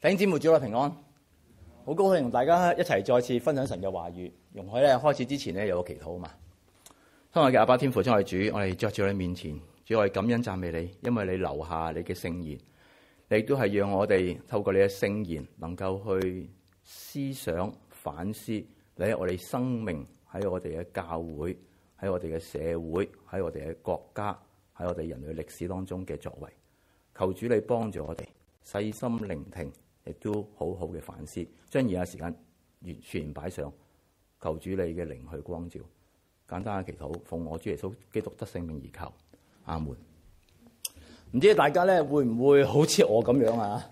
弟兄姊妹，主愛平安，好高興同大家一齊再次分享神嘅話語。容許咧開始之前呢，有個祈禱啊嘛。天父嘅阿爸天父，親愛主，我哋着住你面前，主要我哋感恩讚美你，因為你留下你嘅聖言，你都係讓我哋透過你嘅聖言能夠去思想反思你喺我哋生命、喺我哋嘅教會、喺我哋嘅社會、喺我哋嘅國家、喺我哋人類歷史當中嘅作為。求主你幫助我哋細心聆聽。亦都好好嘅反思，將餘下時間完全擺上，求主你嘅靈去光照，簡單嘅祈禱，奉我主耶穌基督得性命而求，阿門。唔知大家咧會唔會好似我咁樣啊？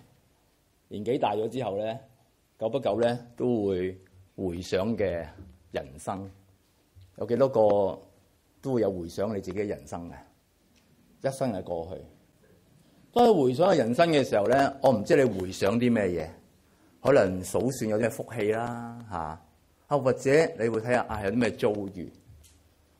年紀大咗之後咧，久不久咧都會回想嘅人生，有幾多個都會有回想你自己嘅人生啊！一生嘅過去。當回想人生嘅時候咧，我唔知你回想啲咩嘢，可能數算有啲福氣啦，啊或者你會睇下啊有啲咩遭遇。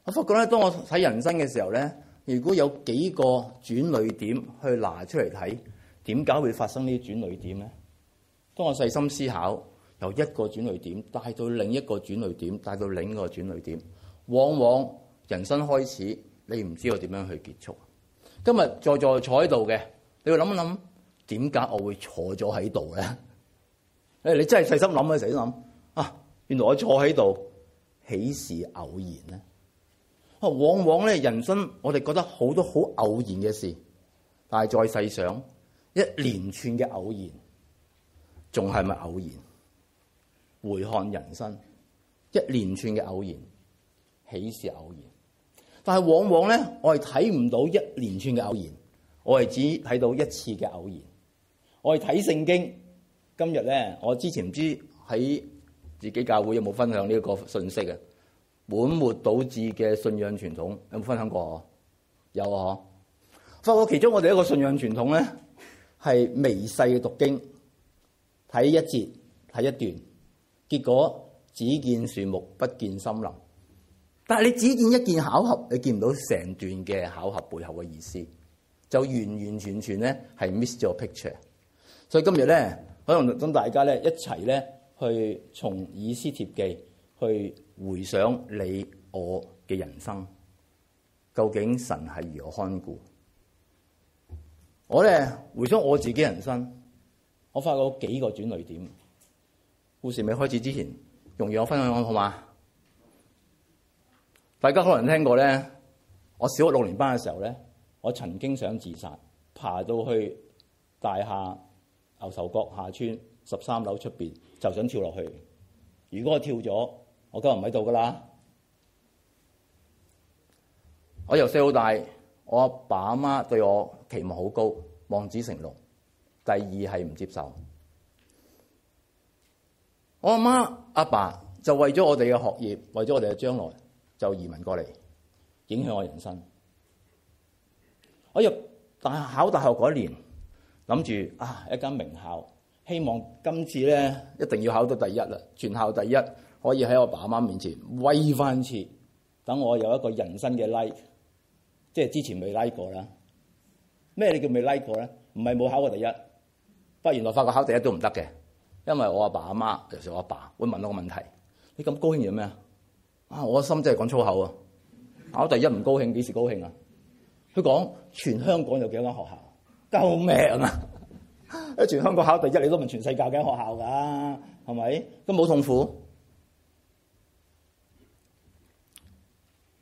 我發覺咧，當我睇人生嘅時候咧，如果有幾個轉捩點去拿出嚟睇，點解會發生這些轉捩點呢啲轉捩點咧？當我細心思考，由一個轉捩點帶到另一個轉捩點，帶到另一個轉捩點、點，往往人生開始你唔知道點樣去結束。今日在座坐喺度嘅，你要諗一諗，點解我會坐咗喺度咧？誒，你真係細心諗嘅時都諗啊，原來我坐喺度，豈是偶然咧？哦，往往咧，人生我哋覺得好多好偶然嘅事，但係再細想，一連串嘅偶然，仲係咪偶然？回看人生，一連串嘅偶然，豈是偶然？但係往往咧，我係睇唔到一連串嘅偶然。我係只睇到一次嘅偶然。我係睇聖經，今日咧，我之前唔知喺自己教會有冇分享呢個信息嘅，本末倒置嘅信仰傳統有冇分享過？有啊，嗬。發覺其中我哋一個信仰傳統咧，係微細嘅讀經，睇一節睇一段，結果只見樹木不見森林。但係你只見一件巧合，你見唔到成段嘅巧合背後嘅意思。就完完全全咧係 miss 咗 picture，所以今日咧可能等大家咧一齊咧去從以斯帖記去回想你我嘅人生，究竟神係如何看顧？我咧回想我自己人生，我發覺幾個轉捩點。故事未開始之前，容許我分享我好嘛？大家可能聽過咧，我小學六年班嘅時候咧。我曾經想自殺，爬到去大廈牛頭角下村十三樓出面，就想跳落去。如果我跳咗，我今日唔喺度噶啦。我由細到大，我阿爸阿媽對我期望好高，望子成龍。第二係唔接受。我阿媽阿爸，爸就為咗我哋嘅學業，為咗我哋嘅將來，就移民過嚟，影響我人生。我入大考大學嗰年，諗住啊一間名校，希望今次咧一定要考到第一啦，全校第一，可以喺我爸阿媽面前威翻次，等我有一個人生嘅 like，即係之前未 like 過啦。咩你叫未 like 過咧？唔係冇考過第一。不過原來我發覺考第一都唔得嘅，因為我阿爸阿媽，尤其是我爸，會問我個問題：你咁高興做咩啊？啊，我心真係講粗口啊！考第一唔高興，幾時高興啊？佢講：他說全香港有幾多間學校？救命啊！一全香港考第一，你都問全世界有幾間學校㗎？係咪都冇痛苦？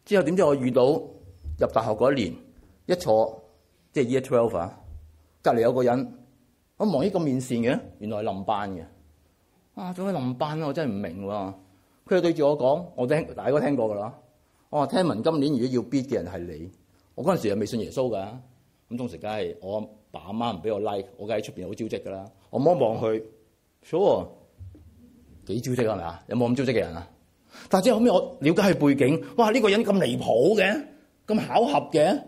之後點知我遇到入大學嗰一年一坐，即係 year twelve 啊，隔離有個人，我望呢個面善嘅，原來係臨班嘅。啊，做咩臨班啊？我真係唔明喎。佢又對住我講：我聽，大家都聽過㗎啦。我話聽聞今年如果要 bid 嘅人係你。我嗰陣時又未信耶穌噶，咁當時梗係我爸阿媽唔俾我 like，我梗係出面好招職噶啦。我望一望佢 so 幾招職係咪啊？有冇咁招職嘅人啊？但之後後屘我了解佢背景，哇！呢、這個人咁離譜嘅，咁巧合嘅，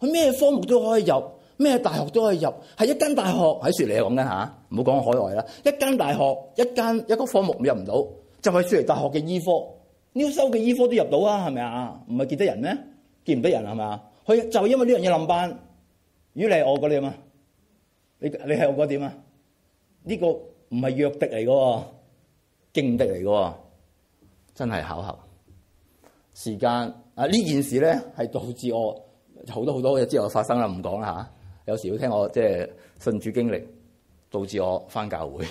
佢咩科目都可以入，咩大學都可以入，係一間大學喺雪梨講緊嚇，唔好講海外啦。一間大學，一間一個科目不入唔到，就係、是、雪梨大學嘅醫科，你要收嘅醫科都入到啊，係咪啊？唔係見得人咩？見唔到人係咪？佢就係因為呢樣嘢冧班，如果你係我你啊？你你係我點啊？呢、呢個唔係弱敵嚟嘅喎，勁敵嚟嘅喎，真係巧合。時間啊，呢件事咧係導致我好多好多嘢之後發生啦，唔講啦吓，有時要聽我即係信主經歷，導致我返教會，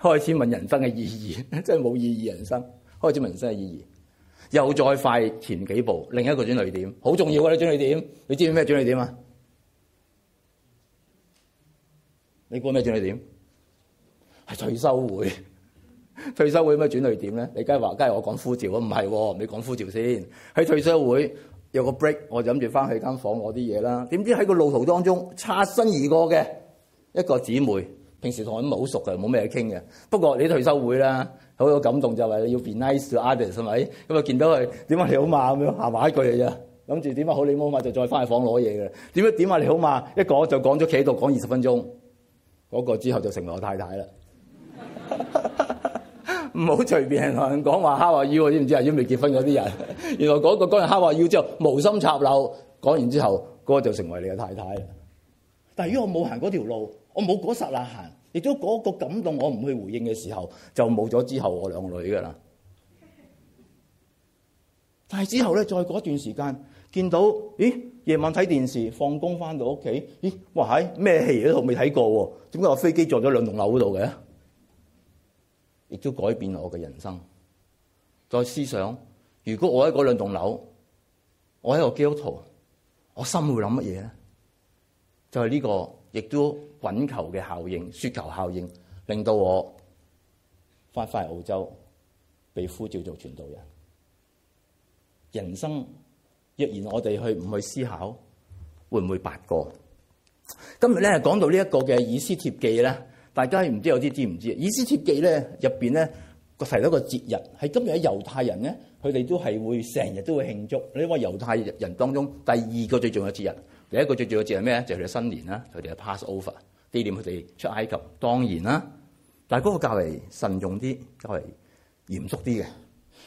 開始問人生嘅意義，真係冇意義人生，開始問人生嘅意義。又再快前幾步，另一個轉捩點，好重要啊！你、呢個、轉捩點，你知唔知咩轉捩點啊？你估咩轉捩點？係退休會，退休會咩轉捩點咧？你梗係話，梗係我講呼召啊？唔係喎，你講呼召先。喺退休會有個 break，我就諗住翻去間房攞啲嘢啦。點知喺個路途當中擦身而過嘅一個姊妹，平時同我冇唔係好熟嘅，冇咩嘢傾嘅。不過你退休會啦。好有感動就係、是、你要 be nice to others 係咪？咁啊見到佢點解你好嘛咁樣下話一句嘅啫。諗住點解好你好嘛，就再翻去房攞嘢嘅。點一點下你好嘛，一講就講咗企喺度講二十分鐘。嗰、那個之後就成為我太太啦。唔好隨便講話敲話要，you, 知唔知啊？如果未結婚嗰啲人，原來嗰個嗰日敲話要之後無心插柳講完之後，嗰、那個就成為你嘅太太。但係因為我冇行嗰條路，我冇嗰剎那行。亦都嗰個感動，我唔去回應嘅時候，就冇咗，之後我兩女噶啦。但係之後咧，再過一段時間，見到咦，夜晚睇電視，放工翻到屋企，咦，哇喺咩戲嗰度未睇過喎？點解我飛機撞咗兩棟樓嗰度嘅？亦都改變我嘅人生。再思想，如果我喺嗰兩棟樓，我喺個基督徒，我心會諗乜嘢咧？就係呢個。亦都滾球嘅效應、雪球效應，令到我翻返澳洲被呼召做傳道人。人生若然我哋去唔去思考，會唔會白過？今日咧講到呢一個嘅《以斯帖記》咧，大家唔知有啲知唔知？《以斯帖記》咧入邊咧，個提到個節日，係今日喺猶太人咧，佢哋都係會成日都會慶祝，呢個猶太人當中第二個最重要嘅節日。第一個最重要節係咩咧？就係佢哋新年啦，佢哋係 Passover，紀念佢哋出埃及，當然啦。但係嗰個較為慎重啲，較為嚴肅啲嘅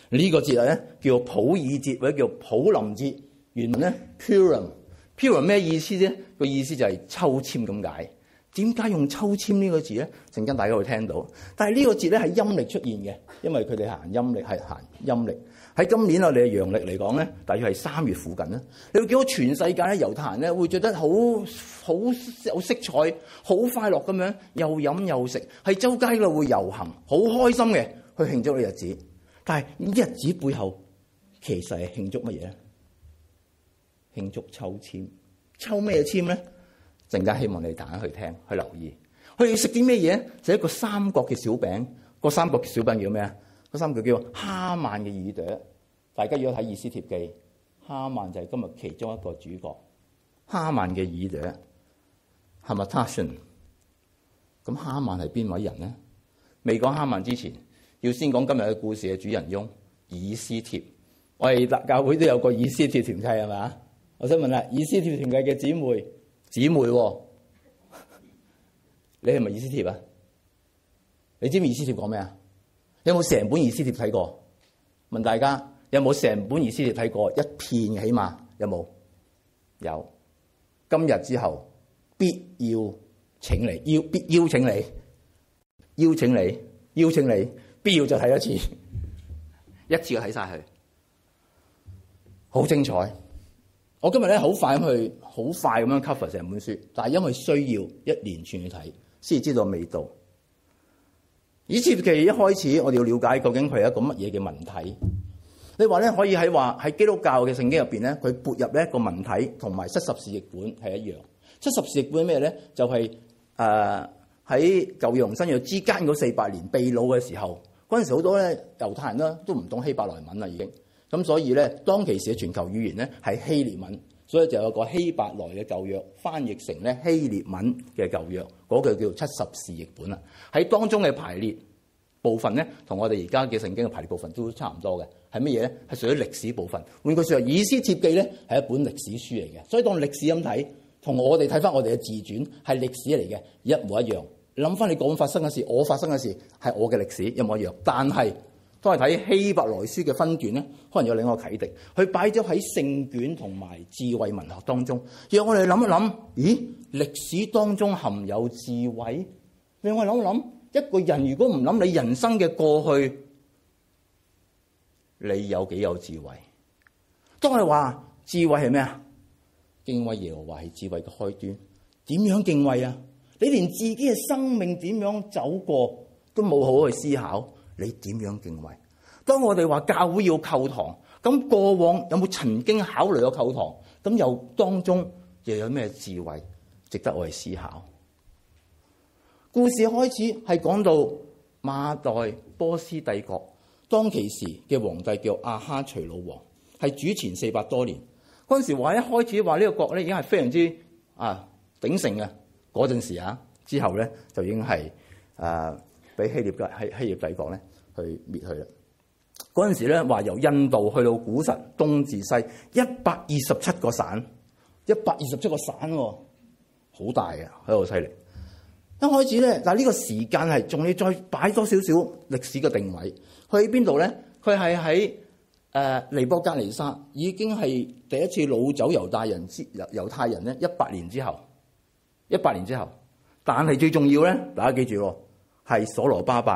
呢個節日咧，叫做普爾節或者叫普林節。原文咧 Purim，Purim 咩意思先？個意思就係抽籤咁解。點解用抽籤呢個字咧？陣間大家會聽到。但係呢個節咧係陰歷出現嘅，因為佢哋行陰歷係行陰歷。喺今年我哋嘅陽曆嚟講咧，大約係三月附近啦。你會見到全世界咧，猶太人咧會著得好好有色彩、好快樂咁樣，又飲又食，喺周街咧會遊行，好開心嘅去慶祝呢日子。但係呢日子背後其實係慶祝乜嘢咧？慶祝抽籤，抽咩籤咧？陣間希望你大家去聽、去留意、去食啲咩嘢，就係、一個三角嘅小餅。個三角嘅小餅叫咩啊？三句叫哈曼嘅耳朵，大家如果睇《以斯帖記》，哈曼就係今日其中一個主角。哈曼嘅耳朵 Hamantaschen。咁哈曼係邊位人呢？未講哈曼之前，要先講今日嘅故事嘅主人翁——以斯帖。我哋立教會都有個以斯帖團契，係咪啊？我想問啦，以斯帖團契嘅姊妹、姊妹、哦，你係咪以斯帖啊？你知唔知以斯帖講咩啊？有冇成本以斯帖睇過？問大家有冇成本以斯帖睇過？一片起碼有冇？有。今日之後必要請你，要必邀請你，邀請你，邀請你，必要就睇一次，一次就睇晒佢，好精彩。我今日咧好快咁去，好快咁樣 cover 成本書，但係因為需要一連串去睇，先至知道味道。以至其一開始，我哋要了解究竟佢係一個乜嘢嘅問題。你話咧可以喺話喺基督教嘅聖經裡面入邊咧，佢撥入呢一個問題同埋七十士譯本係一樣。七十士譯本係咩咧？就係誒喺舊約同新約之間嗰四百年被擄嘅時候，嗰陣時好多咧猶太人啦都唔懂希伯來文啦，已經咁，所以咧當其時嘅全球語言咧係希臘文。所以就有個希伯來嘅舊約翻譯成咧希列文嘅舊約，嗰句叫做七十士譯本啦。喺當中嘅排列部分咧，同我哋而家嘅聖經嘅排列部分都差唔多嘅。係乜嘢咧？係屬於歷史部分。換句説話，以斯帖記咧係一本歷史書嚟嘅。所以當歷史咁睇，同我哋睇翻我哋嘅自傳係歷史嚟嘅，一模一樣。想你諗翻你講發生嘅事，我發生嘅事係我嘅歷史，一模一樣。但係。都係睇希伯來書嘅分卷咧，可能有另一個啟迪。佢擺咗喺聖卷同埋智慧文學當中，讓我哋諗一諗。咦，歷史當中含有智慧，讓我哋諗一諗。一個人如果唔諗你人生嘅過去，你有幾有智慧？當我話智慧係咩啊？敬畏耶和華係智慧嘅開端。點樣敬畏啊？你連自己嘅生命點樣走過都冇好去思考。你點樣敬畏？當我哋話教會要購堂，咁過往有冇曾經考慮過購堂？咁又當中又有咩智慧值得我哋思考？故事開始係講到馬代波斯帝國當其時嘅皇帝叫亞哈隨魯王，係主前四百多年嗰陣時話一開始話呢個國咧已經係非常之啊鼎盛嘅嗰陣時啊，之後咧就已經係俾希臘希希臘帝國咧去滅去啦！嗰陣時咧話由印度去到古實東至西一百二十七個省，一百二十七個省喎、哦，好大嘅，喺度犀利。一開始咧嗱，呢但個時間係仲要再擺多少少歷史嘅定位，佢喺邊度咧？佢係喺誒尼布甲尼撒，已經係第一次擄走猶太人之猶猶太人咧一百年之後，一百年之後，但係最重要咧，大家記住喎。係所羅巴伯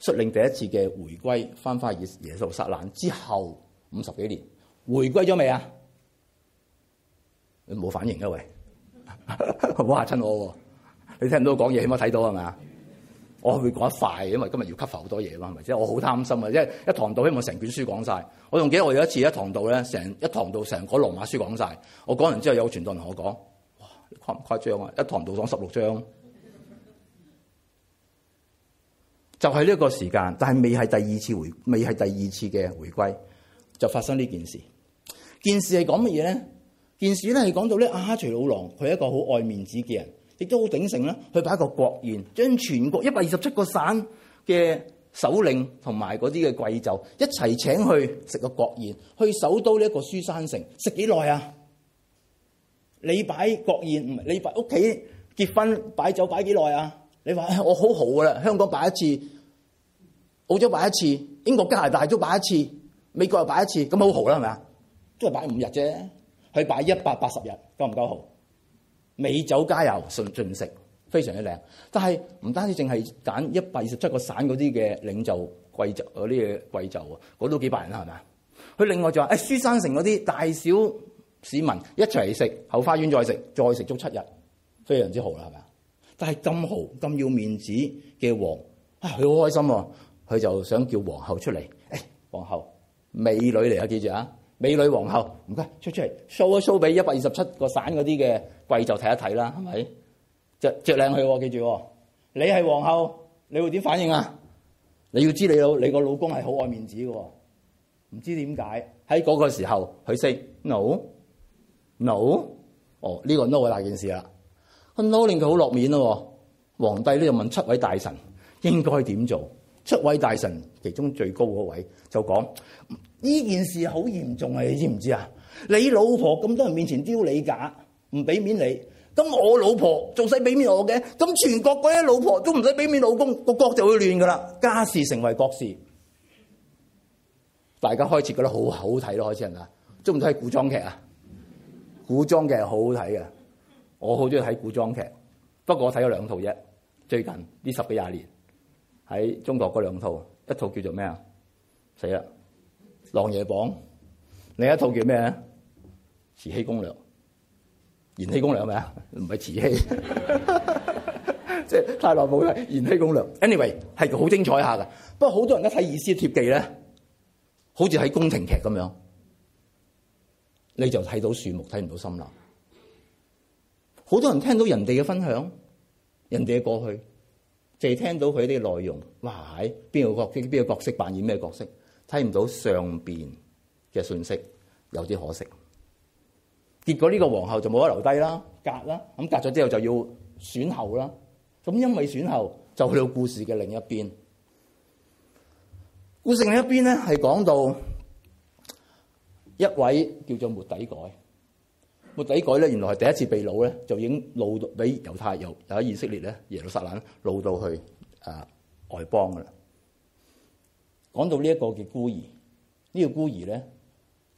率領第一次嘅回歸，翻返耶穌撒冷之後五十幾年，回歸咗未啊？你冇反應啊？喂，唔 好嚇親我喎！你聽唔到我講嘢，起碼睇到係咪啊？我會講得快，因為今日要吸收好多嘢，係咪？即係我好貪心啊！即係一堂到希望成卷書講晒。我仲記得我有一次一堂到咧，成一堂到成個羅馬書講晒。我講完之後有傳道同我講：哇，誇唔誇張啊？一堂到講十六章。就係呢個時間，但係未係第二次回，未係第二次嘅回歸，就發生呢件事。件事係講乜嘢咧？件事咧係講到咧阿、啊、隨魯王，佢係一個好愛面子嘅人，亦都好鼎盛啦。佢擺個國宴，將全國一百二十七個省嘅首領同埋嗰啲嘅貴就一齊請去食個國宴，去首都呢一個書珊城食幾耐啊？你擺國宴唔係你擺屋企結婚擺酒擺幾耐啊？你話我好豪噶啦，香港擺一次，澳洲擺一次，英國加拿大都擺一次，美國又擺一次，咁好豪啦，係咪啊？都係擺五日啫，佢擺一百八十日，夠唔夠豪？美酒佳餚，順順食，非常之靚。但係唔單止淨係揀一百二十七個省嗰啲嘅領袖貴族嗰啲貴族啊，嗰啲都幾百人啦，係咪啊？佢另外就話誒，書珊城嗰啲大小市民一齊食，後花園再食，再食足七日，非常之豪啦，係咪？但係咁豪咁要面子嘅王啊，佢好開心喎，佢就想叫皇后出嚟。誒、哎、皇后，美女嚟啊，記住啊，美女皇后，唔該，出出嚟 show 一 show 俾一百二十七個省嗰啲嘅貴就睇一睇啦，係咪？着着靚去、啊，記住、啊。你係皇后，你會點反應啊？你要知你有你個老公係好愛面子嘅，唔知點解喺嗰個時候佢識 no no，哦呢、呢個 no 大件事啦。令佢好落面咯，皇帝咧就問七位大臣應該點做？七位大臣其中最高嗰位就講：呢件事好嚴重啊！你知唔知啊？你老婆咁多人面前丟你架，唔俾面你，咁我老婆仲使俾面我嘅？咁全國嗰啲老婆都唔使俾面老公，個國就會亂噶啦！家事成為國事，大家開始覺得好好睇咯，開始係咪？中唔中意古裝劇啊？古裝劇好好睇嘅。我好中意睇古裝劇，不過我睇咗兩套啫。最近呢十幾廿年喺中國嗰兩套，一套叫做咩啊？死啦，《琅琊榜》。另一套叫咩啊？《慈禧攻略》攻略。慈《延 禧攻略》係咪啊？唔係慈禧，即係太耐冇睇《延禧攻略》。Anyway，係好精彩下噶。不過好多人一睇《以斯帖記》咧，好似睇宮廷劇咁樣，你就睇到樹木，睇唔到森林。好多人聽到人哋嘅分享，人哋嘅過去，淨係聽到佢啲內容。哇，喺邊個角色？邊個角色扮演咩角色？睇唔到上面嘅信息，有啲可惜。結果呢個皇后就冇得留低啦，隔啦。咁隔咗之後就要選后啦。咁因為選后就去到故事嘅另一邊。故事另一邊咧係講到一位叫做末底改。末底改咧，原來係第一次被擄咧，就已經擄到俾猶太又又喺以色列咧，耶路撒冷，擄到去啊外邦噶啦。講到呢一個嘅孤兒，呢、這個孤兒咧、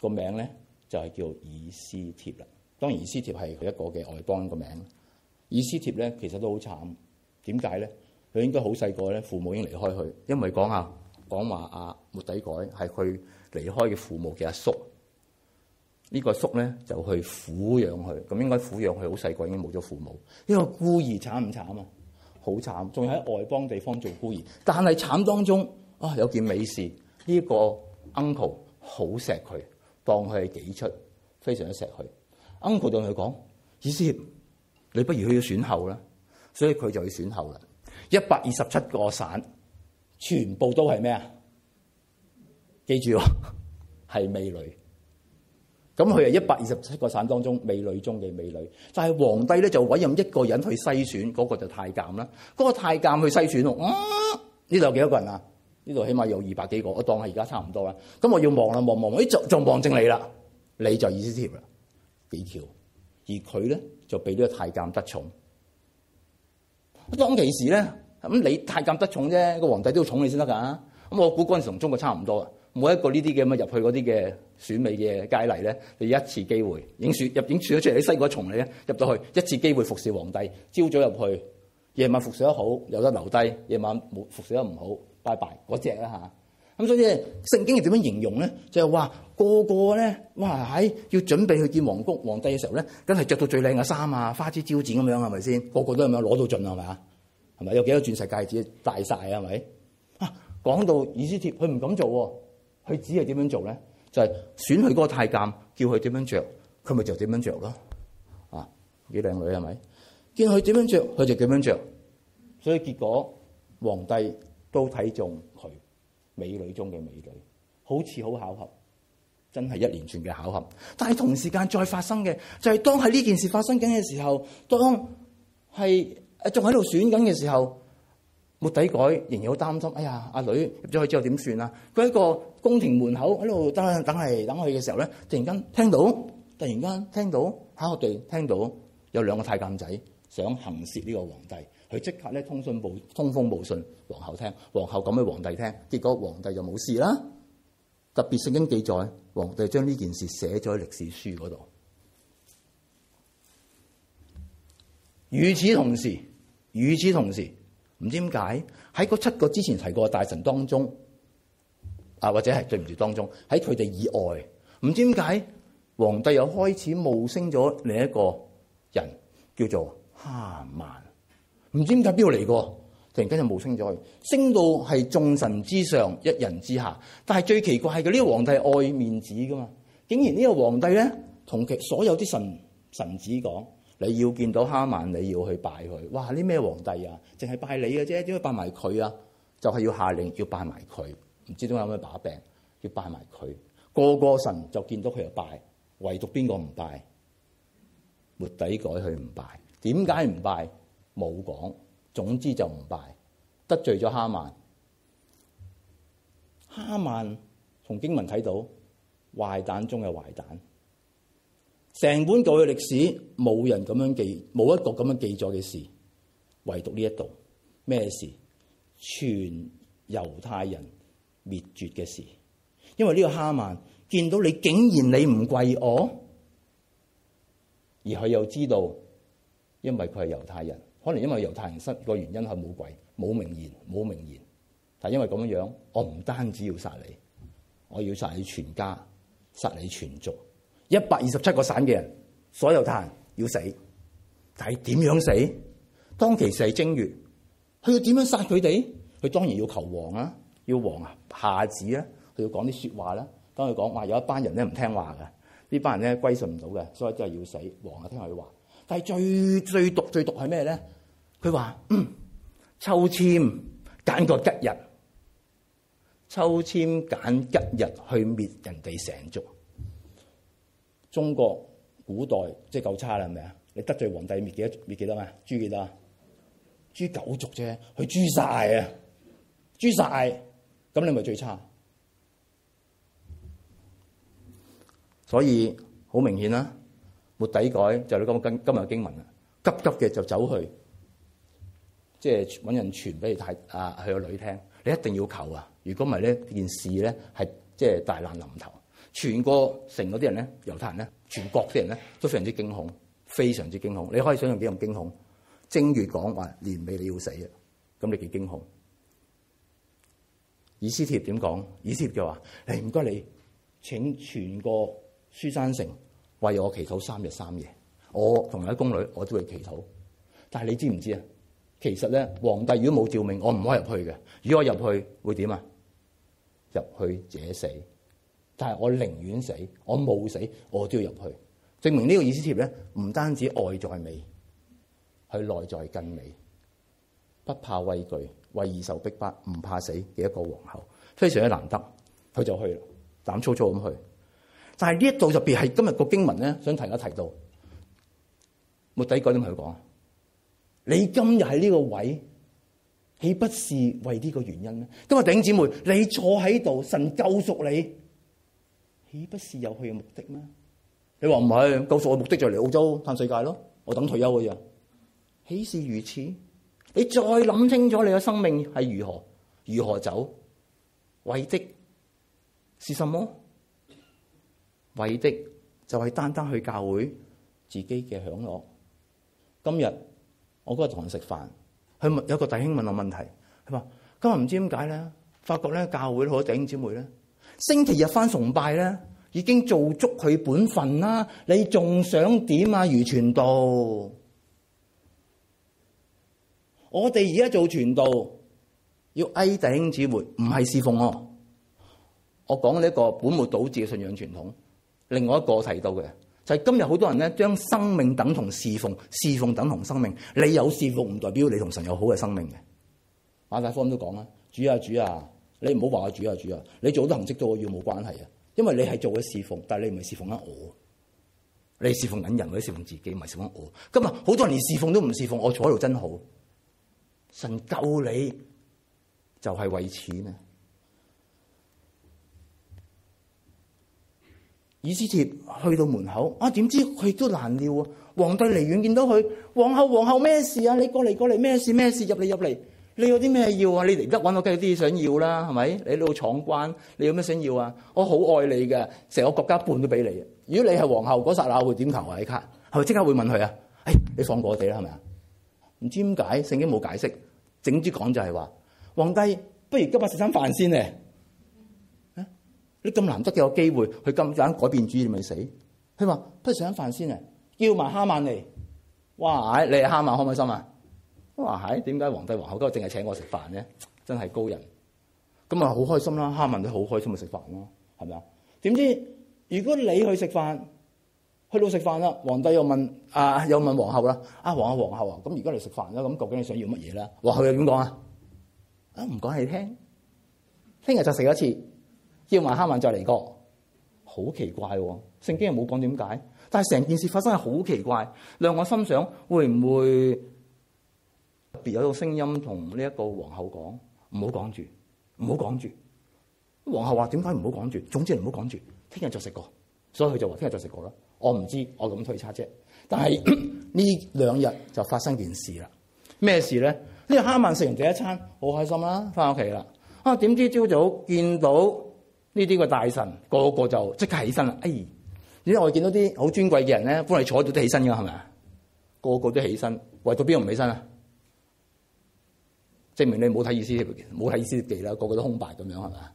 這個名咧就係叫以斯帖啦。當然以，以斯帖係佢一個嘅外邦個名。以斯帖咧其實都好慘，點解咧？佢應該好細個咧，父母已經離開佢，因為講啊講話啊末底改係佢離開嘅父母嘅阿叔。呢個叔咧就去撫養佢，咁應該撫養佢好細個已經冇咗父母，呢個孤兒慘唔慘啊？好慘、啊，仲要喺外邦地方做孤兒。但係慘當中啊，有件美事，呢、這個 uncle 好錫佢，當佢係己出，非常之錫佢。uncle 同佢講，以斯帖你不如去選後啦，所以佢就去選後啦。一百二十七個省，全部都係咩啊？記住、哦，係美女。咁佢係一百二十七個省當中，美女中嘅美女，但係皇帝咧就委任一個人去篩選，嗰、那個就太監啦。嗰、那個太監去篩選咯，呢、嗯、度有幾多個人啊？呢度起碼有二百幾個，我當係而家差唔多啦。咁我要望啦望望，咦？就仲望正你啦，你就二條啦，幾條？而佢咧就俾呢個太監得寵。當其時咧，咁你太監得寵啫，個皇帝都要寵你先得㗎。咁我估嗰陣時同中國差唔多啊。每一個呢啲嘅咁樣入去嗰啲嘅選美嘅佳麗咧，你一次機會影選入影選咗出嚟啲西果蟲嚟咧，入到去，一次機會服侍皇帝。朝早入去，夜晚服侍得好有得留低；夜晚冇服侍得唔好，拜拜嗰隻啦吓。咁、啊、所以聖經係點樣形容咧？就話個個咧哇喺要準備去見皇宮皇帝嘅時候咧，梗係着到最靚嘅衫啊，花枝招展咁樣係咪先？是是個個都咁樣攞到盡係咪啊？係咪有幾多鑽石戒指戴曬啊？係咪啊？講到以斯帖，佢唔敢做。佢只係點樣做咧？就係、是、選佢嗰個太監，叫佢點樣着，佢咪就點樣着咯。啊，幾靚女係咪？見佢點樣着，佢就點樣着。所以結果皇帝都睇中佢，美女中嘅美女，好似好巧合，真係一連串嘅巧合。但係同時間再發生嘅就係、是、當喺呢件事發生緊嘅時候，當係誒仲喺度選緊嘅時候。末底改仍然好擔心，哎呀！阿女入咗去之後點算啊？佢喺個宮廷門口喺度等等嚟等去嘅時候咧，突然間聽到，突然間聽到喺我哋聽到有兩個太監仔想行刺呢個皇帝，佢即刻咧通訊部通風報信皇后聽，皇后講俾皇帝聽，結果皇帝就冇事啦。特別聖經記載，皇帝將呢件事寫咗喺歷史書嗰度。與此同時，與此同時。唔知點解喺嗰七個之前提過嘅大臣當中，啊或者係對唔住當中喺佢哋以外，唔知點解皇帝又開始冒升咗另一個人叫做哈曼，唔知點解邊度嚟過突然間就冒升咗，升到係眾神之上一人之下。但係最奇怪嘅呢、呢個皇帝係愛面子㗎嘛，竟然呢個皇帝咧同其所有啲神神子講。你要見到哈曼，你要去拜佢。哇！啲咩皇帝啊？淨係拜你嘅啫，點解拜埋佢啊？就係要下令要拜埋佢。唔知道有咩把柄要拜埋佢。個個神就見到佢就拜，唯獨邊個唔拜？末底改佢唔拜，點解唔拜？冇講。總之就唔拜，得罪咗哈曼。哈曼從經文睇到壞蛋中嘅壞蛋。成本舊嘅歷史冇人咁樣記，冇一個咁樣記載嘅事，唯獨呢一度咩事？全猶太人滅絕嘅事，因為呢個哈曼見到你竟然你唔跪我，而佢又知道，因為佢係猶太人，可能因為猶太人失個原因係冇跪、冇名言、冇名言，但因為咁樣，我唔單止要殺你，我要殺你全家，殺你全族。一百二十七個省嘅人，所有猶大人要死，但係點樣死？當其時係正月，佢要點樣殺佢哋？佢當然要求王啊，要王啊，下旨啦，佢要講啲說話啦。當佢講話有一班人咧唔聽話嘅，呢班人咧歸順唔到嘅，所以真係要死。王啊，聽佢話，但係最最毒最毒係咩咧？佢話嗯，抽籤揀個吉日，抽籤揀吉日去滅人哋成族。中國古代即係夠差啦，係咪啊？你得罪皇帝滅幾多？滅幾多啊？誅幾多啊？誅九族啫，佢誅曬啊！誅曬，咁你咪最差。所以好明顯啦，末底改就你今今今日經文啦，急急嘅就走去，即係揾人傳俾你太啊佢個、啊、女聽。你一定要求啊！如果唔係呢件事咧係即係大難臨頭。全個城嗰啲人咧，猶太人咧，全國啲人咧，都非常之驚恐，非常之驚恐。你可以想象幾咁驚恐。正如講話，年尾你要死啊，咁你幾驚恐？以斯帖點講？以斯帖就話：唔該你，請全個書珊城為我祈禱三日三夜。我同埋啲宮女，我都會祈禱。但係你知唔知啊？其實咧，皇帝如果冇召命，我唔可以入去嘅。如果我入去，會點啊？入去者死。但係我寧願死，我冇死，我都要入去，證明呢個以斯帖咧，唔單止外在美，佢內在更美，不怕畏懼，為義受逼迫，唔怕死嘅一個皇后，非常之難得，佢就去啦，膽粗粗咁去。但係呢一度就邊係今日個經文咧，想提一提到，末底改點同佢講啊？你今日喺呢個位，豈不是為呢個原因咧？今日頂姊妹，你坐喺度，神救贖你。豈不是有佢嘅目的咩？你話唔係，告訴我目的就嚟澳洲探世界咯。我等退休嘅啫，豈是如此？你再諗清楚，你嘅生命係如何，如何走，為的是什麼？為的就係單單去教會，自己嘅享樂。今日我嗰日同人食飯，有個弟兄問我問題，佢話：今日唔知點解咧，發覺咧教會好多弟兄姊妹咧。星期日返崇拜咧，已經做足佢本分啦。你仲想點啊？余傳道，我哋而家做傳道，要哀弟兄姊妹，唔係侍奉我講呢個本末倒置嘅信仰傳統。另外一個提到嘅就係今日好多人咧，將生命等同侍奉，侍奉等同生命。你有侍奉唔代表你同神有好嘅生命嘅。馬大科咁都講啦，主啊主啊！你唔好話我主啊，主啊！你做咗行跡，做個冇關係啊，因為你係做咗侍奉，但係你唔係侍奉緊我，你侍奉緊人或者侍奉自己，唔係侍奉我。今日好多人連侍奉都唔侍奉，我坐喺度真好。神救你，就係、是、為此呢？以斯帖去到門口，我、啊、點知佢都難料啊！皇帝離遠見到佢，皇后皇后咩事啊？你過嚟過嚟咩事咩事，事？入嚟入嚟。你有啲咩要啊？你嚟得搵我，梗有啲想要啦、啊，係咪？你喺度闖關，你有咩想要啊？我好愛你嘅，成個國家半都俾你。如果你係皇后嗰刹那，我會點求啊？依卡係咪即刻會問佢啊？哎，你放過我哋啦，係咪啊？唔知點解聖經冇解釋，整主講就係話，皇帝不如今日食餐飯先咧。啊，你咁難得嘅有機會，佢咁就改變主意咪死？佢話不如食餐飯先啊，叫埋哈曼尼。」「哇，你係哈曼開唔開心啊？咁話點解皇帝、皇后嗰係淨係請我食飯咧？真係高人，咁啊好開心啦！哈曼都好開心咪食飯咯，係咪啊？點知如果你去食飯，去到食飯啦，皇帝又問啊，又問皇后啦，啊皇后皇后啊，咁而家嚟食飯啦，咁究竟你想要乜嘢咧？皇后又點講啊？啊唔講你聽，聽日就食一次，要埋哈曼再嚟過，好奇怪喎，哦！聖經又冇講點解，但係成件事發生係好奇怪。令我心想，會唔會？有個聲音同呢一個皇后講：唔好講住，唔好講住。皇后話：點解唔好講住？總之唔好講住。聽日就食過。所以佢就話：聽日就食過啦。我唔知，我咁推測啫。但係呢兩日就發生件事啦。咩事咧？呢個哈曼食完第一餐，好開心啦，翻屋企啦。啊，點知朝早見到呢啲個大臣，個個就即刻起身啦。哎，點解我見到啲好尊貴嘅人咧，本嚟坐住都起身噶，係咪啊？個個都起身，為到邊個唔起身啊？證明你冇睇《以斯冇睇《以斯帖記》啦，個個都空白咁樣係咪啊？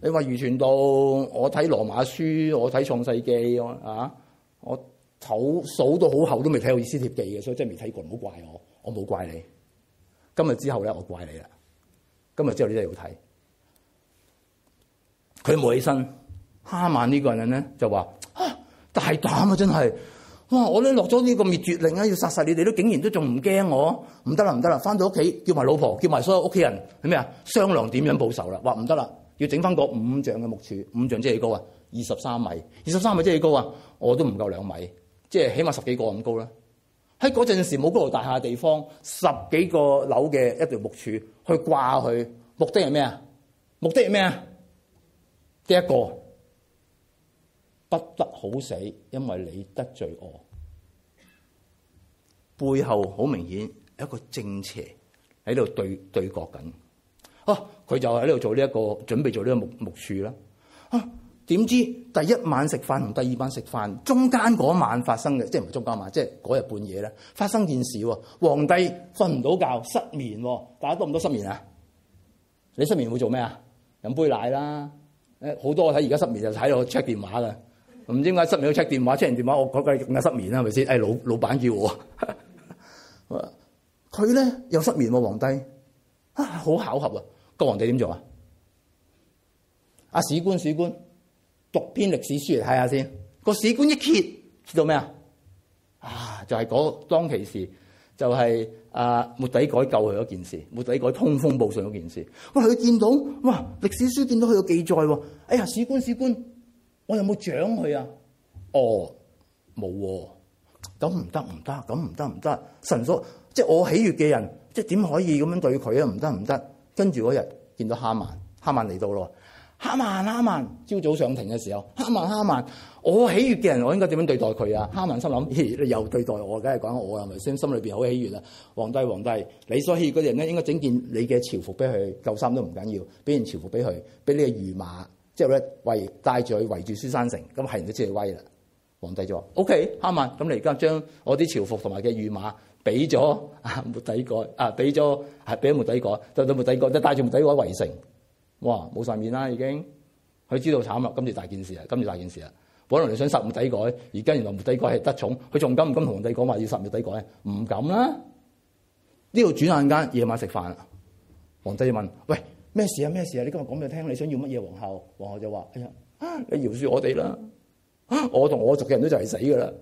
你話余傳道，我睇羅馬書，我睇創世記啊！我唞數到厚好厚都未睇《以斯帖記》嘅，所以真係未睇過，唔好怪我，我冇怪你。今日之後咧，我怪你啦！今日之後你真係要睇。佢冇起身，哈曼呢個人咧就話、啊：大膽啊，真係！哇、啊！我都落咗呢個滅絕令啊，要殺晒你哋都竟然都仲唔驚我？唔得啦，唔得啦！翻到屋企叫埋老婆，叫埋所有屋企人係咩啊？商量點樣報仇啦？話唔得啦，要整翻個五丈嘅木柱。五丈即係幾高啊？二十三米，二十三米即係幾高啊？我都唔夠兩米，即係起碼十幾個咁高啦、啊。喺嗰陣時冇高樓大廈嘅地方，十幾個樓嘅一條木柱去掛佢，目的係咩啊？目的係咩啊？第一個。不得好死，因為你得罪我。背後好明顯有一個正邪喺度對對角緊。啊，佢就喺呢度做呢、這、一個準備做呢個木木柱啦。啊，點知第一晚食飯同第二晚食飯，中間嗰晚發生嘅，即係唔係中間晚，即係嗰日半夜咧發生件事喎。皇帝瞓唔到覺，失眠。大家多唔多失眠啊？你失眠會做咩啊？飲杯奶啦。誒，好多我睇而家失眠就睇到 check 電話噶。唔知點解失眠 check 電話，check 完電話我講句梗係失眠啦，係咪先？誒、哎、老老闆叫我呢，佢咧又失眠喎，皇帝，啊好巧合啊，個皇帝點做啊？阿史官史官，讀篇歷史書嚟睇下先，個史官一揭揭到咩啊？啊就係、是、嗰當其時就係、是、啊末底改救佢嗰件事，末底改通風報信嗰件事。喂，佢見到哇歷史書見到佢有記載喎！哎呀史官史官。史官我有冇獎佢啊？哦，冇喎、啊，咁唔得唔得，咁唔得唔得。神說即係我喜悅嘅人，即係點可以咁樣對佢啊？唔得唔得。跟住嗰日見到哈曼，哈曼嚟到咯。哈曼哈曼，朝早上庭嘅時候，哈曼哈曼，我喜悅嘅人，我應該點樣對待佢啊？哈曼心諗， 又對待我，梗係講我啊！咪先，心裏邊好喜悅啊！皇帝皇帝，你所喜悅啲人咧，應該整件你嘅朝服俾佢，舊衫都唔緊要，俾件朝服俾佢，俾你嘅御馬。之後咧，圍帶住佢圍住書珊城，咁係人都知佢威啦。皇帝就話：O K，啱啊，咁你而家將我啲朝服同埋嘅御馬俾咗末底改啊，俾咗係俾咗末底改，就到末底改，就帶住末底改圍城。哇，冇晒面啦已經，佢知道慘啦，今次大件事啊，今次大件事啊。本來你想殺末底改，而家原來末底改係得寵，佢仲敢唔敢同皇帝講話要殺末底改咧？唔敢啦。呢度轉眼間夜晚食飯啦，皇帝就問：喂？咩事啊？咩事啊？你今日講俾我聽，你想要乜嘢？皇后，皇后就話：哎呀，你饒恕我哋啦！我同我族嘅人都就係死噶啦！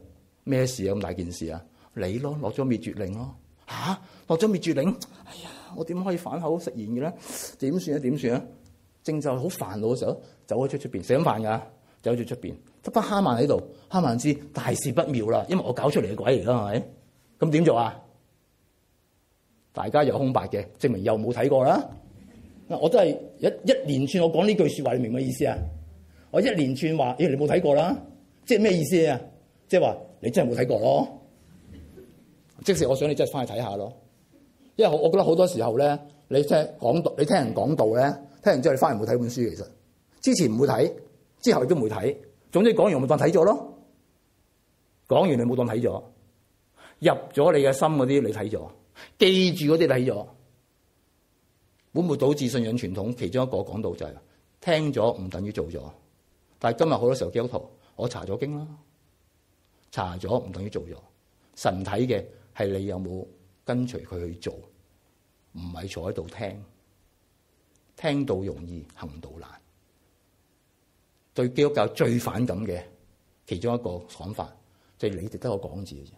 咩事啊？咁大件事啊？你咯，落咗滅絕令咯、啊？吓、啊，落咗滅絕令？哎呀，我點可以反口食言嘅咧？點算啊？點算啊？正就好煩惱嘅時候，走咗出出邊食緊飯噶，走咗出邊，得返哈曼喺度，哈曼知大事不妙啦，因為我搞出嚟嘅鬼嚟啦，係咪？咁點做啊？大家有空白嘅，證明又冇睇過啦。嗱，我都係一一連串我講呢句說話，你明唔明意思啊？我一連串話，咦、哎，你冇睇過啦？即係咩意思啊？即係話你真係冇睇過咯，即使我想你真係翻去睇下咯。因為我覺得好多時候咧，你聽講道，你聽人講道咧，聽完之後你翻嚟冇睇本書，其實之前唔會睇，之後亦都唔會睇，總之講完我咪當睇咗咯。講完你冇當睇咗，入咗你嘅心嗰啲你睇咗，記住嗰啲睇咗。會唔會導致信仰傳統？其中一個講到就係聽咗唔等於做咗，但係今日好多時候，基督徒我查咗經啦，查咗唔等於做咗。神睇嘅係你有冇跟隨佢去做，唔係坐喺度聽，聽到容易，行到難。對基督教最反感嘅其中一個講法，即係你只得個講字嘅啫。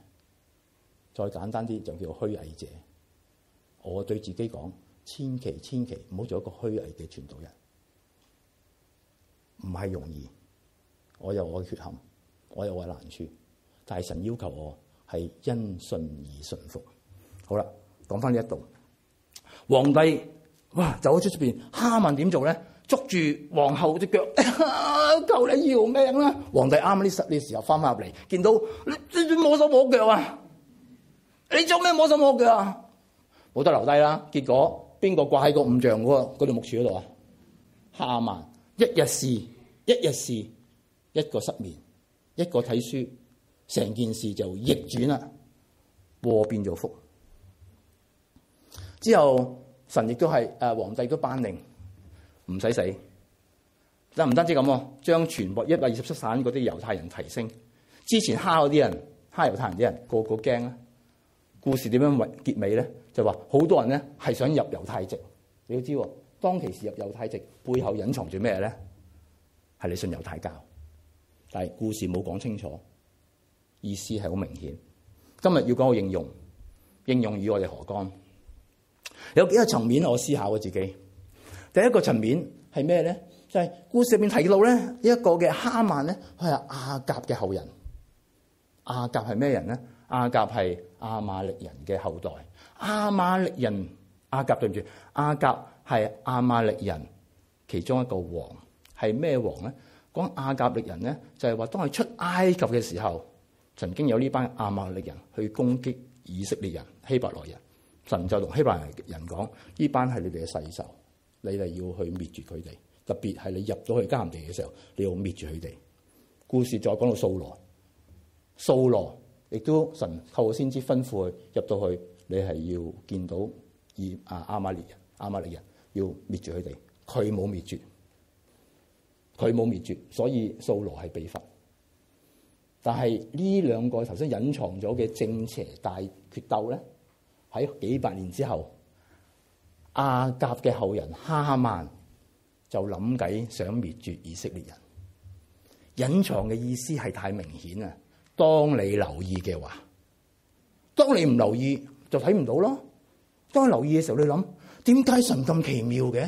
再簡單啲就叫虛偽者。我對自己講。千祈千祈唔好做一個虛偽嘅傳道人，唔係容易。我有我嘅缺陷，我有我嘅難處，但係神要求我係因信而順服。好啦，講翻呢一度，皇帝哇走咗出出邊，哈曼點做咧？捉住皇后隻腳，哎，求你饒命啦，啊！皇帝啱啱呢十呢時候翻翻入嚟，見到你你摸手摸腳啊！你做咩摸手摸腳啊？冇得留低啦！結果。邊個掛喺個五丈高嗰個嗰條木柱度啊？哈曼一日事，一日事，一個失眠，一個睇書，成件事就逆轉啦，禍變咗福。之後神亦都係誒，皇帝都頒令唔使死。但唔單止咁喎，將全國一百二十七省嗰啲猶太人提升，之前蝦嗰啲人、蝦猶太人啲人個個驚啦。故事點樣結尾咧？就話好多人咧係想入猶太籍。你要知當其時入猶太籍背後隱藏住咩咧？係你信猶太教，但係故事冇講清楚，意思係好明顯。今日要講個應用，應用與我哋何干？有幾個層面我思考我自己？第一個層面係咩咧？就係、是、故事入面提到咧，一個嘅哈曼咧佢係阿甲嘅後人。阿甲係咩人咧？阿甲係。阿瑪力人嘅後代，阿瑪力人，阿甲對唔住，阿甲係阿瑪力人其中一個王，係咩王咧？講阿甲力人咧，就係話當佢出埃及嘅時候，曾經有呢班阿瑪力人去攻擊以色列人、希伯來人。神就同希伯來人講：呢班係你哋嘅世仇，你哋要去滅絕佢哋。特別係你入到去迦南地嘅時候，你要滅絕佢哋。故事再講到掃羅，掃羅。亦都神後先之吩咐入到去，你係要見到以啊亞瑪利人、亞瑪利人要滅絕佢哋，佢冇滅絕，佢冇滅絕，所以掃羅係被罰。但係呢兩個頭先隱藏咗嘅正邪大決鬥咧，喺幾百年之後，亞甲嘅後人哈曼就諗計想滅絕以色列人，隱藏嘅意思係太明顯啊！當你留意嘅話，當你唔留意就睇唔到咯。當你留意嘅時候，你諗點解神咁奇妙嘅？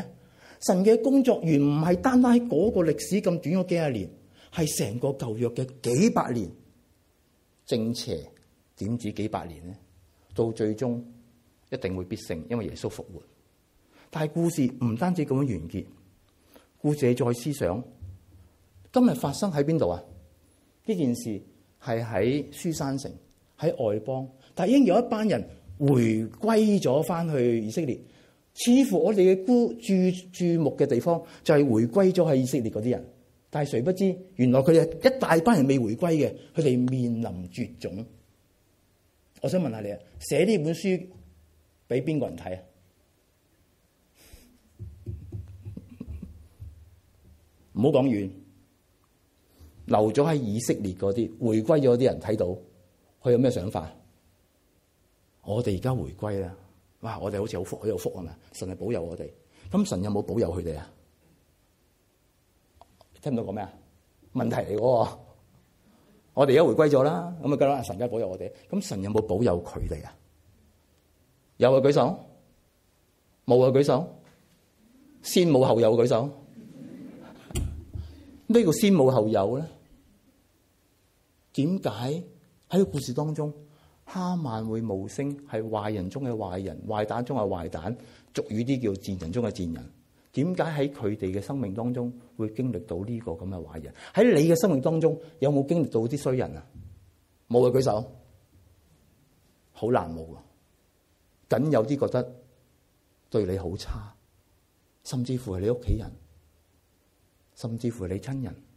神嘅工作原唔係單單喺嗰個歷史咁短咗幾廿年，係成個舊約嘅幾百年，正邪點止幾百年呢？到最終一定會必勝，因為耶穌復活。但係故事唔單止咁樣完結，故事你再思想，今日發生喺邊度啊？呢件事。係喺書珊城，喺外邦，但係已經有一班人回歸咗返去以色列。似乎我哋嘅孤注注目嘅地方就係回歸咗去以色列嗰啲人，但係誰不知原來佢哋一大班人未回歸嘅，佢哋面臨絕種。我想問下你啊，寫呢本書俾邊個人睇啊？唔好講完。留咗喺以色列嗰啲回歸咗啲人睇到，佢有咩想法？我哋而家回歸啦，哇！我哋好似好福好有福係咪？神係保佑我哋，咁神有冇保佑佢哋啊？聽唔到講咩啊？問題嚟噶，我哋而家回歸咗啦，咁啊梗啦，神梗係保佑我哋，咁神有冇保佑佢哋啊？有啊，舉手。冇啊，舉手。先冇後有，舉手。咩叫先冇後有咧？點解喺個故事當中，哈曼會無聲係壞人中嘅壞人，壞蛋中嘅壞蛋，俗語啲叫賤人中嘅賤人。點解喺佢哋嘅生命當中會經歷到呢個咁嘅壞人？喺你嘅生命當中有冇經歷到啲衰人啊？冇嘅舉手，好難冇啊！僅有啲覺得對你好差，甚至乎係你屋企人，甚至乎係你親人。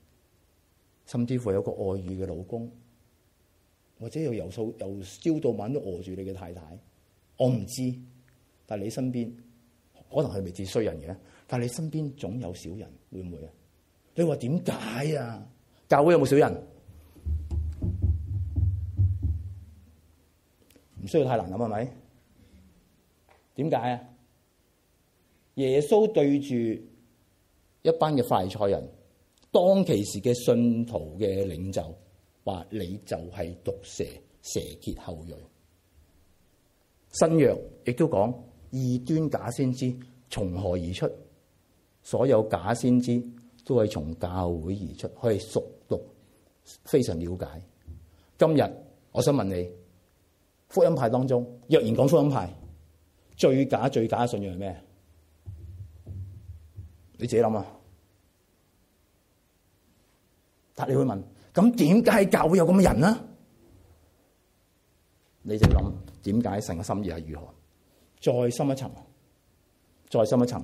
甚至乎有個外遇嘅老公，或者要由早由朝到晚都餓住你嘅太太，我唔知。但係你身邊可能係未至衰人嘅，但係你身邊總有小人，會唔會啊？你話點解啊？教會有冇小人？唔需要太難諗係咪？點解啊？耶穌對住一班嘅快菜人。當其時嘅信徒嘅領袖話：你就係毒蛇，蛇蠍後裔。新約亦都講：異端假先知從何而出？所有假先知都係從教會而出，可以熟讀，非常了解。今日我想問你：福音派當中，若然講福音派，最假最假嘅信仰係咩？你自己諗啊！嗱，但你會問咁點解教會有咁嘅人呢？你就諗點解神嘅心意係如何？再深一層，再深一層。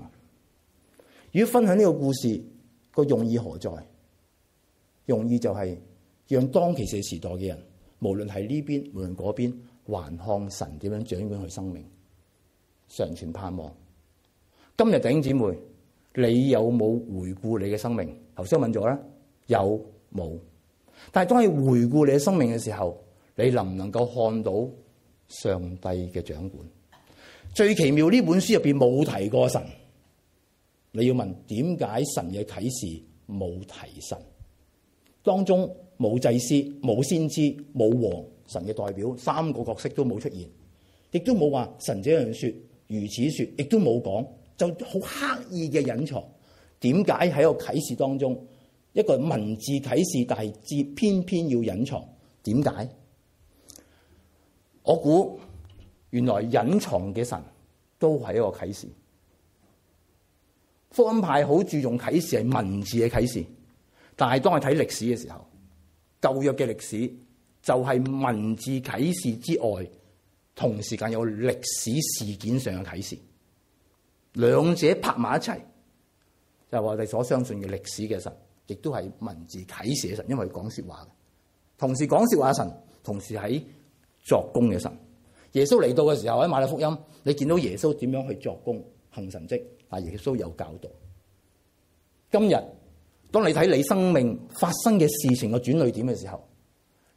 如果分享呢個故事，呢個用意何在？用意就係讓當其時時代嘅人，無論喺呢邊，無論嗰邊，還看神點樣掌管佢生命，常存盼望。今日弟兄姊妹，你有冇回顧你嘅生命？頭先我問咗啦，有。冇，但係當你回顧你嘅生命嘅時候，你能唔能夠看到上帝嘅掌管？最奇妙呢本書入邊冇提過神，你要問點解神嘅啟示冇提神？當中冇祭司、冇先知、冇王，神嘅代表三個角色都冇出現，亦都冇話神這樣說、如此說，亦都冇講，就好刻意嘅隱藏。點解喺個啟示當中？一個文字啟示，但係偏偏要隱藏，點解？我估原來隱藏嘅神都係一個啟示。福音派好注重啟示係文字嘅啟示，但係當我睇歷史嘅時候，舊約嘅歷史就係文字啟示之外，同時間有歷史事件上嘅啟示，兩者拍埋一齊，就係話我哋所相信嘅歷史嘅神。亦都係文字啟示嘅神，因為講説話嘅。同時講説話嘅神，同時喺作工嘅神。耶穌嚟到嘅時候喺馬利福音，你見到耶穌點樣去作工、行神蹟，但耶穌有教導。今日當你睇你生命發生嘅事情嘅轉捩點嘅時候，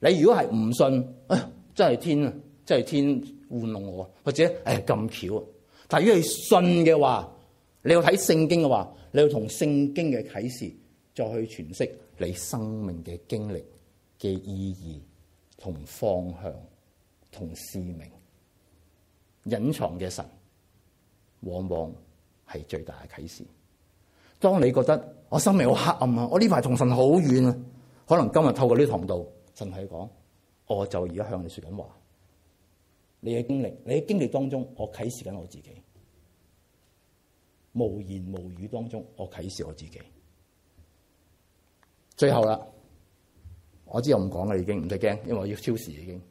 你如果係唔信，啊真係天啊，真係天，天玩弄我，或者誒咁、哎、巧啊。但如果你信嘅話，你要睇聖經嘅話，你要同聖經嘅啟示。再去詮釋你生命嘅經歷嘅意義同方向同使命，隱藏嘅神往往係最大嘅啟示。當你覺得我生命好黑暗啊，我呢排同神好遠啊，可能今日透過呢堂道，神係講，我就而家向你說緊話。你嘅經歷，你嘅經歷當中，我啟示緊我自己，無言無語當中，我啟示我自己。最後啦，我知我唔講啦，已經唔使驚，因為我要超時已經。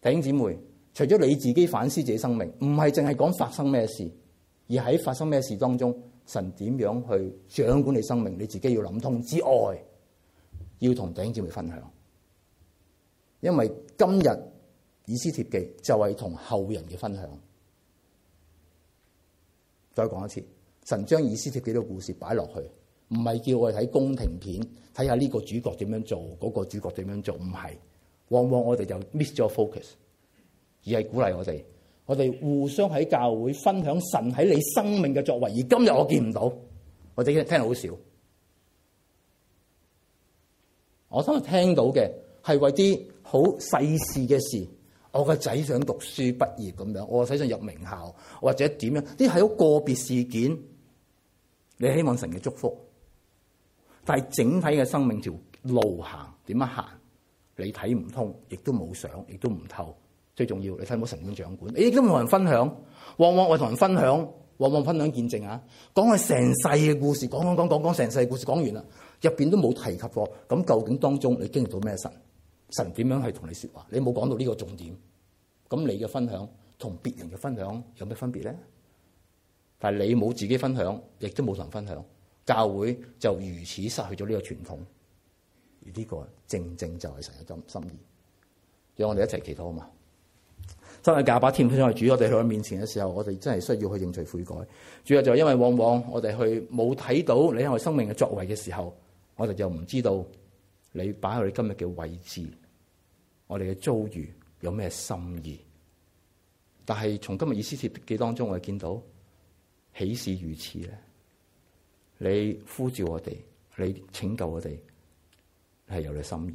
弟兄姊妹，除咗你自己反思自己生命，唔係淨係講發生咩事，而喺發生咩事當中，神點樣去掌管你生命，你自己要諗通之外，要同弟兄姊妹分享，因為今日以斯帖記就係同後人嘅分享。再講一次，神將以斯帖記呢個故事擺落去。唔係叫我哋睇宮廷片，睇下呢個主角點樣做，嗰個主角點樣做，唔係。往往我哋就 miss 咗 focus，而係鼓勵我哋，我哋互相喺教會分享神喺你生命嘅作為。而今日我見唔到，我哋聽得好少。我今日聽到嘅係為啲好細事嘅事，我個仔想讀書畢業咁樣，我仔想入名校或者點樣，啲係好個別事件。你希望神嘅祝福？但係整體嘅生命條路行點樣行，你睇唔通，亦都冇想，亦都唔透。最重要，你睇唔到神管掌管，你亦都冇同人分享。往往我同人分享，往往分享見證啊，講我成世嘅故事，講講講講講成世故事，講完啦，入邊都冇提及過。咁究竟當中你經歷到咩神？神點樣去同你說話？你冇講到呢個重點，咁你嘅分享同別人嘅分享有咩分別咧？但係你冇自己分享，亦都冇同人分享。教會就如此失去咗呢個傳統，而呢個正正就係神嘅心心意，讓我哋一齊祈禱啊嘛！真係駕把天上主上嚟，主我哋去到面前嘅時候，我哋真係需要去認罪悔改。主要就係因為往往我哋去冇睇到你喺我生命嘅作為嘅時候，我哋就唔知道你擺喺你今日嘅位置，我哋嘅遭遇有咩心意。但係從今日以斯帖記當中，我哋見到豈止如此咧？你呼召我哋，你拯救我哋，係有你心意。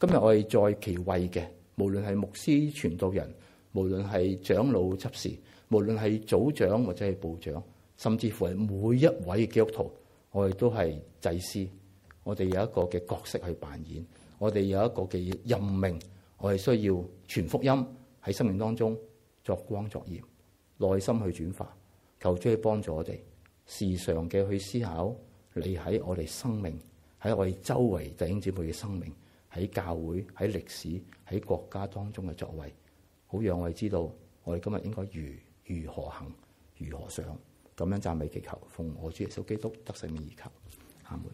今日我哋在其位嘅，無論係牧師、傳道人，無論係長老執事，無論係組長或者係部長，甚至乎係每一位基督徒，我哋都係祭司。我哋有一個嘅角色去扮演，我哋有一個嘅任命。我哋需要傳福音喺生命當中作光作鹽，耐心去轉化，求主去幫助我哋。時常嘅去思考，你喺我哋生命，喺我哋周圍弟兄姊妹嘅生命，喺教會、喺歷史、喺國家當中嘅作為，好讓我哋知道我哋今日應該如如何行、如何想，咁樣讚美、祈求奉我主耶穌基督得勝而求，阿門。